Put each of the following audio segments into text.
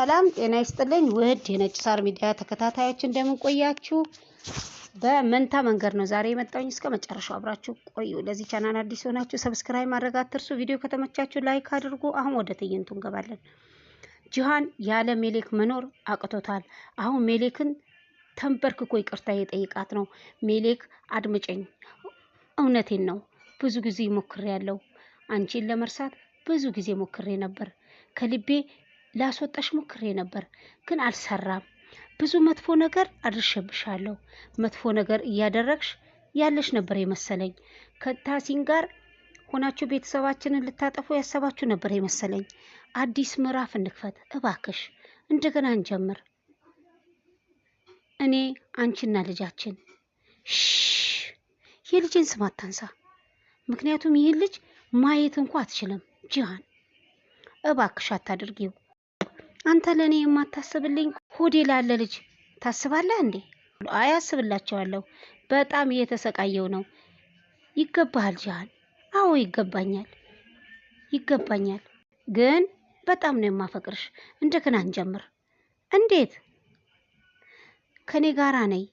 ሰላም ጤና ይስጥልኝ ውድ የነጭ ሳር ሚዲያ ተከታታዮች እንደምንቆያችሁ። በመንታ መንገድ ነው ዛሬ የመጣሁኝ። እስከ መጨረሻው አብራችሁ ቆዩ። ለዚህ ቻናል አዲስ የሆናችሁ ሰብስክራይብ ማድረግ አትርሱ። ቪዲዮ ከተመቻችሁ ላይክ አድርጉ። አሁን ወደ ትዕይንቱ እንገባለን። ጂሃን ያለ ሜሌክ መኖር አቅቶታል። አሁን ሜሌክን ተንበርክኮ ይቅርታ የጠይቃት ነው። ሜሌክ አድምጨኝ፣ እውነቴን ነው። ብዙ ጊዜ ሞክሬ ያለው አንቺን ለመርሳት ብዙ ጊዜ ሞክሬ ነበር ከልቤ ላስወጣሽ ሞክሬ ነበር ግን አልሰራም። ብዙ መጥፎ ነገር አድርሸብሻለሁ። መጥፎ ነገር እያደረግሽ ያለሽ ነበር የመሰለኝ። ከታሲን ጋር ሆናችሁ ቤተሰባችንን ልታጠፉ ያሰባችሁ ነበር የመሰለኝ። አዲስ ምዕራፍ እንክፈት እባክሽ፣ እንደገና እንጀምር። እኔ አንቺና ልጃችን። የልጅን ስም አታንሳ፣ ምክንያቱም ይህን ልጅ ማየት እንኳ አትችልም። ጂሃን እባክሽ አታድርጊው። አንተ ለእኔ የማታስብልኝ ሆዴ ላለ ልጅ ታስባለህ እንዴ? አያስብላቸዋለሁ። በጣም እየተሰቃየው ነው። ይገባሃል ጃል። አዎ ይገባኛል፣ ይገባኛል። ግን በጣም ነው የማፈቅርሽ። እንደገና እንጀምር። እንዴት? ከኔ ጋራ ነይ።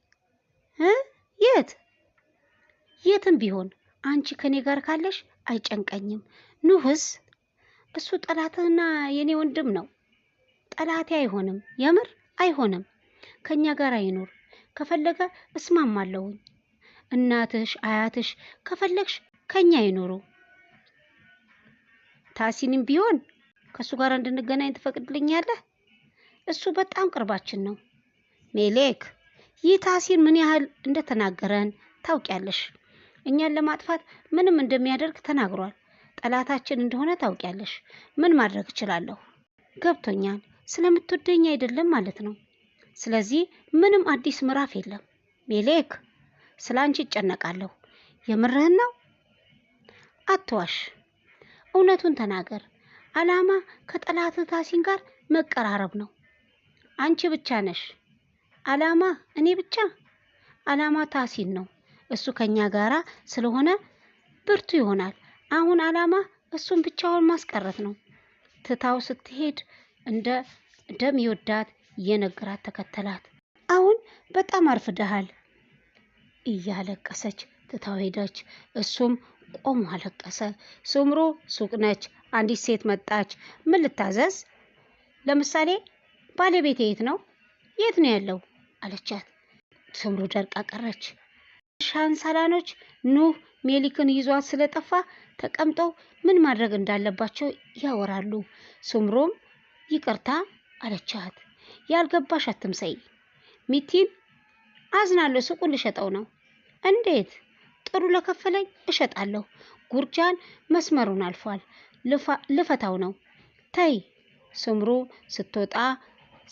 የት የትም ቢሆን አንቺ ከኔ ጋር ካለሽ አይጨንቀኝም። ኑህስ እሱ ጠላትና የኔ ወንድም ነው። ጠላቴ አይሆንም፣ የምር አይሆንም። ከኛ ጋር አይኖር ከፈለገ እስማማለሁኝ። እናትሽ አያትሽ ከፈለግሽ ከኛ ይኖሩ። ታሲንም ቢሆን ከእሱ ጋር እንድንገናኝ ትፈቅድልኛለህ? እሱ በጣም ቅርባችን ነው። ሜሌክ፣ ይህ ታሲን ምን ያህል እንደተናገረን ታውቂያለሽ። እኛን ለማጥፋት ምንም እንደሚያደርግ ተናግሯል። ጠላታችን እንደሆነ ታውቂያለሽ። ምን ማድረግ እችላለሁ? ገብቶኛል። ስለምትወደኝ አይደለም ማለት ነው። ስለዚህ ምንም አዲስ ምዕራፍ የለም። ሜሌክ ስለ አንቺ እጨነቃለሁ። የምርህን ነው? አትዋሽ፣ እውነቱን ተናገር። አላማ ከጠላት ታሲን ጋር መቀራረብ ነው። አንቺ ብቻ ነሽ አላማ። እኔ ብቻ አላማ ታሲን ነው። እሱ ከኛ ጋራ ስለሆነ ብርቱ ይሆናል። አሁን አላማ እሱን ብቻውን ማስቀረት ነው። ትታው ስትሄድ እንደ ይወዳት የነገራት ተከተላት። አሁን በጣም አርፍደሃል እያለቀሰች ትታው ሄደች። እሱም ቆሞ አለቀሰ። ስምሩ ሱቅ ነች። አንዲት ሴት መጣች። ምን ልታዘዝ? ለምሳሌ ባለቤት የት ነው? የት ነው ያለው? አለቻት። ስምሩ ደርቃ ቀረች። ሻንሳላኖች ኑህ ሜሊክን ይዟት ስለጠፋ ተቀምጠው ምን ማድረግ እንዳለባቸው ያወራሉ። ስምሮም ይቅርታ አለቻት። ያልገባሽ አትምሰይ። ሚቲን አዝናለሁ። ሱቁን ልሸጠው ነው። እንዴት? ጥሩ ለከፈለኝ እሸጣለሁ። ጉርጃን መስመሩን አልፏል። ልፈታው ነው። ተይ። ስምሩ ስትወጣ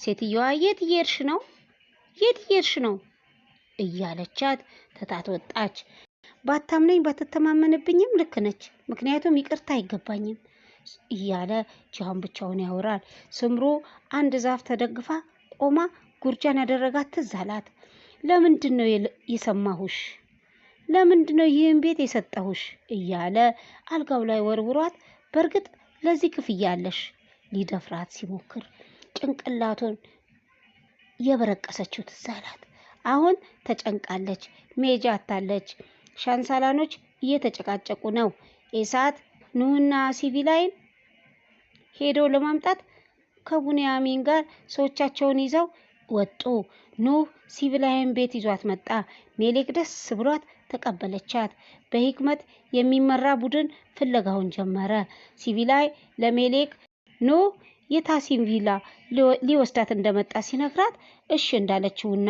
ሴትየዋ የት እየሄድሽ ነው? የት እየሄድሽ ነው እያለቻት ትታት ወጣች። ባታምነኝ ባትተማመንብኝም ልክ ነች። ምክንያቱም ይቅርታ አይገባኝም። እያለ ጂሃን ብቻውን ያወራል። ስምሮ አንድ ዛፍ ተደግፋ ቆማ ጉርጃን ያደረጋት ትዝ አላት። ለምንድን ነው የሰማሁሽ? ለምንድን ነው ይህን ቤት የሰጠሁሽ? እያለ አልጋው ላይ ወርውሯት። በእርግጥ ለዚህ ክፍ አለሽ። ሊደፍራት ሲሞክር ጭንቅላቱን የበረቀሰችው ትዝ አላት። አሁን ተጨንቃለች። ሜጃ አታለች። ሻንሳላኖች እየተጨቃጨቁ ነው። ኤሳት ኑህና ሲቪላይን ሄደው ለማምጣት ከቡንያሚን ጋር ሰዎቻቸውን ይዘው ወጡ። ኑህ ሲቪላይን ቤት ይዟት መጣ። ሜሌክ ደስ ብሏት ተቀበለቻት። በሂክመት የሚመራ ቡድን ፍለጋውን ጀመረ። ሲቪላይ ለሜሌክ ኑህ የታሲም ቪላ ሊወስዳት እንደመጣ ሲነግራት እሺ እንዳለችውና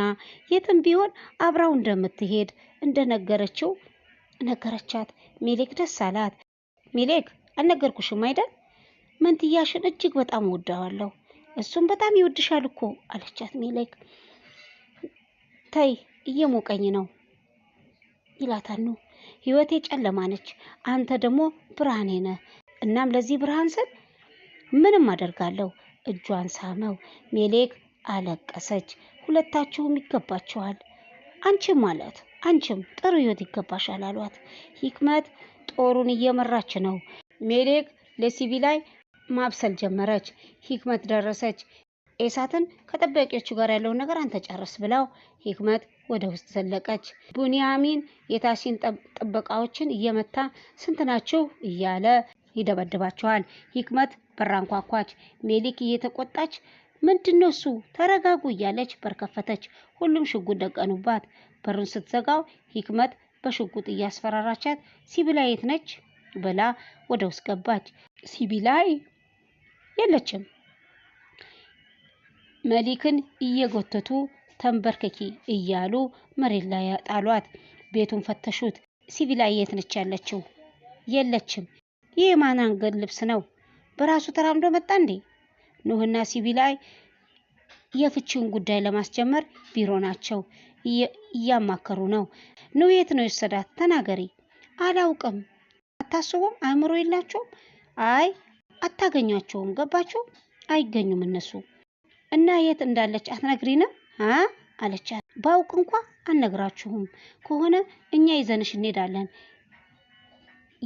የትም ቢሆን አብራው እንደምትሄድ እንደነገረችው ነገረቻት። ሜሌክ ደስ አላት። ሚሌክ አልነገርኩሽም አይደል? መንትያሽን እጅግ በጣም ወደዋለሁ። እሱም በጣም ይወድሻል እኮ አለቻት። ሚሌክ ተይ እየሞቀኝ ነው ይላታል። ነው ህይወቴ ጨለማ ነች፣ አንተ ደግሞ ብርሃኔ ነህ። እናም ለዚህ ብርሃን ስል ምንም አደርጋለሁ። እጇን ሳመው። ሜሌክ አለቀሰች። ሁለታችሁም ይገባችኋል። አንቺም ማለት አንቺም ጥሩ ህይወት ይገባሻል አሏት። ሂክመት ጦሩን እየመራች ነው። ሜሌክ ለሲቪላይ ማብሰል ጀመረች። ሂክመት ደረሰች። ኤሳትን ከጠባቂዎቹ ጋር ያለውን ነገር አንተ ጨርስ ብለው ሂክመት ወደ ውስጥ ዘለቀች። ቡኒያሚን የታሲን ጥበቃዎችን እየመታ ስንት ናችሁ እያለ ይደበድባቸዋል። ሂክመት በራን ሜሊክ እየተቆጣች ምንድን ነው እሱ ተረጋጉ እያለች በር ከፈተች። ሁሉም ሽጉጥ ደቀኑባት። በሩን ስትዘጋው ሂክመት በሽጉጥ እያስፈራራቻት ሲቢላ የት ነች ብላ ወደ ውስጥ ገባች። ሲቢላይ የለችም። መሊክን እየጎተቱ ተንበርከኪ እያሉ መሬት ላይ ጣሏት። ቤቱን ፈተሹት። ሲቢላ የት ነች ያለችው? የለችም። ይህ የማን ልብስ ነው? በራሱ ተራምዶ መጣ እንዴ? ኑህና ሲቪላይ የፍቺውን ጉዳይ ለማስጀመር ቢሮ ናቸው እያማከሩ ነው። ነው የት ነው የወሰዳት? ተናገሪ። አላውቅም። አታስቡም? አእምሮ የላቸውም። አይ አታገኛቸውም። ገባችሁ? አይገኙም እነሱ እና የት እንዳለች አትነግሪንም አ አለቻት። ባውቅ እንኳ አልነግራችሁም ከሆነ እኛ ይዘንሽ እንሄዳለን።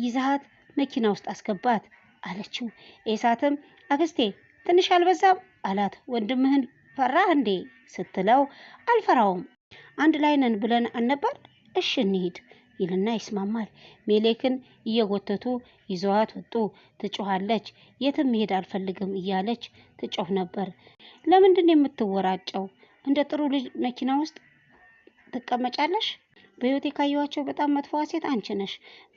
ይዛሃት መኪና ውስጥ አስገባት አለችው። ኤሳትም አክስቴ ትንሽ አልበዛም አላት። ወንድምህን ፈራህ እንዴ ስትለው አልፈራውም፣ አንድ ላይ ነን ብለን አልነበር? እሽ እንሂድ ይልና ይስማማል። ሜሌክን እየጎተቱ ይዘዋት ወጡ። ትጮኋለች። የትም መሄድ አልፈልግም እያለች ትጮህ ነበር። ለምንድን የምትወራጨው? እንደ ጥሩ ልጅ መኪና ውስጥ ትቀመጫለሽ። በህይወቴ ካየኋቸው በጣም መጥፎዋ ሴት አንቺ ነሽ።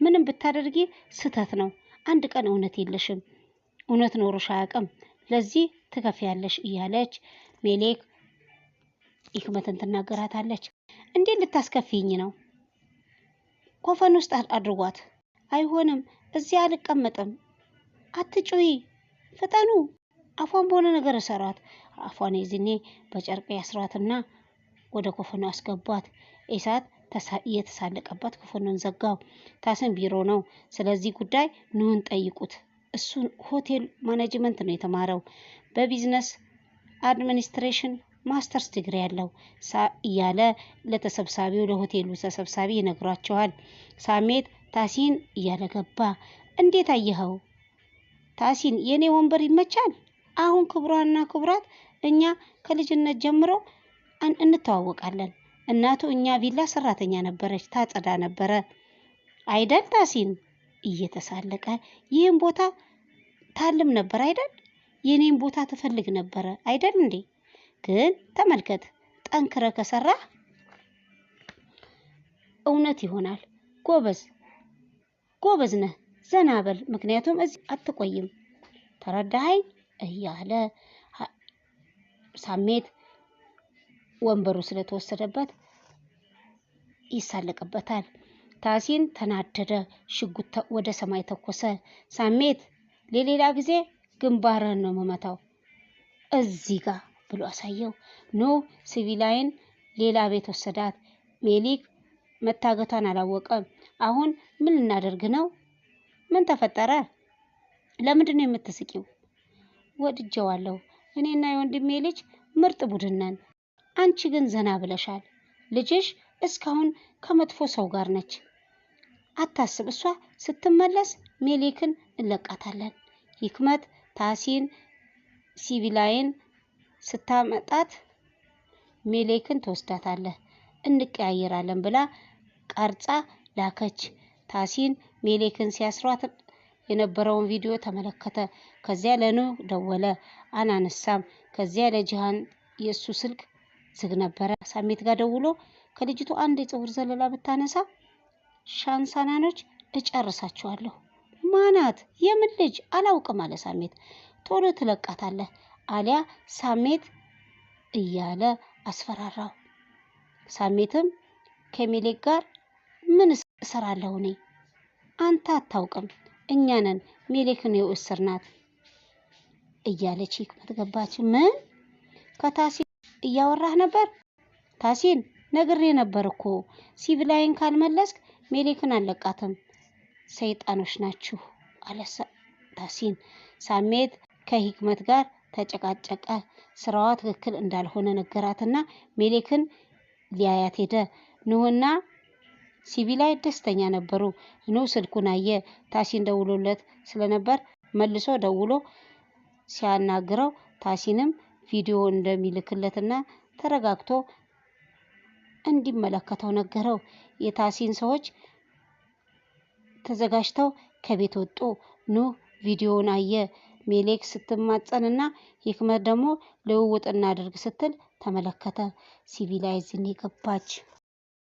ምንም ብታደርጊ ስህተት ነው። አንድ ቀን እውነት የለሽም። እውነት ኖሮሽ አያውቅም። ለዚህ ትከፍያለሽ እያለች ሜሌክ ኢክመትን ትናገራታለች። እንዴ እንድታስከፊኝ ነው? ኮፈን ውስጥ አድርጓት። አይሆንም፣ እዚያ አልቀመጥም። አትጩይ፣ ፍጠኑ። አፏን በሆነ ነገር እሰሯት። አፏን የዝኔ በጨርቅ ያስሯትና ወደ ኮፈኑ አስገቧት። ኢሳት እየተሳለቀባት ኮፈኑን ዘጋው። ታስን ቢሮ ነው። ስለዚህ ጉዳይ ንሁን ጠይቁት። እሱን ሆቴል ማኔጅመንት ነው የተማረው በቢዝነስ አድሚኒስትሬሽን ማስተርስ ዲግሪ ያለው እያለ ለተሰብሳቢው ለሆቴሉ ተሰብሳቢ ይነግሯቸዋል። ሳሜት ታሲን እያለ ገባ። እንዴት አየኸው? ታሲን የእኔ ወንበር ይመቻል። አሁን ክቡራንና ክቡራት እኛ ከልጅነት ጀምሮ እንተዋወቃለን። እናቱ እኛ ቪላ ሰራተኛ ነበረች፣ ታጸዳ ነበረ አይደል ታሲን? እየተሳለቀ ይህም ቦታ ታልም ነበር አይደል? የኔን ቦታ ትፈልግ ነበረ አይደል እንዴ? ግን ተመልከት፣ ጠንክረ ከሰራ እውነት ይሆናል። ጎበዝ ጎበዝ ነህ፣ ዘና በል፣ ምክንያቱም እዚህ አትቆይም። ተረዳኸኝ? እያለ ሳሜት ወንበሩ ስለተወሰደበት ይሳለቅበታል። ታሲን ተናደደ፣ ሽጉጥ ወደ ሰማይ ተኮሰ። ሳሜት ለሌላ ጊዜ ግንባርህን ነው የምመታው እዚህ ጋር ብሎ አሳየው። ኖ ሲቪላይን ሌላ ቤት ወሰዳት። ሜሊክ መታገቷን አላወቀም። አሁን ምን ልናደርግ ነው? ምን ተፈጠረ? ለምንድን ነው የምትስቂው? ወድጀዋለሁ። እኔና የወንድሜ ልጅ ምርጥ ቡድን ነን። አንቺ ግን ዘና ብለሻል። ልጅሽ እስካሁን ከመጥፎ ሰው ጋር ነች። አታስብ፣ እሷ ስትመለስ ሜሊክን እንለቃታለን። ሂክመት ታሲን ሲቪላይን ስታመጣት ሜሌክን ትወስዳታለህ እንቀያየራለን ብላ ቀርጻ ላከች። ታሲን ሜሌክን ሲያስሯት የነበረውን ቪዲዮ ተመለከተ። ከዚያ ለኑ ደወለ፣ አናነሳም። ከዚያ ለጂሃን የእሱ ስልክ ዝግ ነበረ። ሳሜት ጋር ደውሎ ከልጅቱ አንድ የፀጉር ዘለላ ብታነሳ ሻንሳናኖች እጨርሳቸዋለሁ። ማናት? የምን ልጅ አላውቅም አለ ሳሜት። ቶሎ ትለቃታለህ አሊያ ሳሜት እያለ አስፈራራው። ሳሜትም ከሚሌክ ጋር ምን እሰራለሁ እኔ? አንተ አታውቅም፣ እኛ ነን ሚሌክን የውስር ናት እያለች ሂክመት ገባች። ምን ከታሲን እያወራህ ነበር? ታሲን ነግሬ ነበር እኮ ሲቪላይን ካልመለስክ ሜሌክን አለቃትም ሰይጣኖች ናችሁ አለ ታሲን። ሳሜት ከሂክመት ጋር ተጨቃጨቀ። ስራዋ ትክክል እንዳልሆነ ነገራትና ሜሌክን ሊያያት ሄደ። ኑህና ላይ ደስተኛ ነበሩ። ኑህ ስልኩን አየ። ታሲን ደውሎለት ስለነበር መልሶ ደውሎ ሲያናግረው ታሲንም ቪዲዮ እንደሚልክለትና ተረጋግቶ እንዲመለከተው ነገረው። የታሲን ሰዎች ተዘጋጅተው ከቤት ወጡ። ኑህ ቪዲዮውን አየ። ሜሌክ ስትማጸንና ሂክመት ደግሞ ልውውጥ እናድርግ ስትል ተመለከተ። ሲቪላይዝን የገባች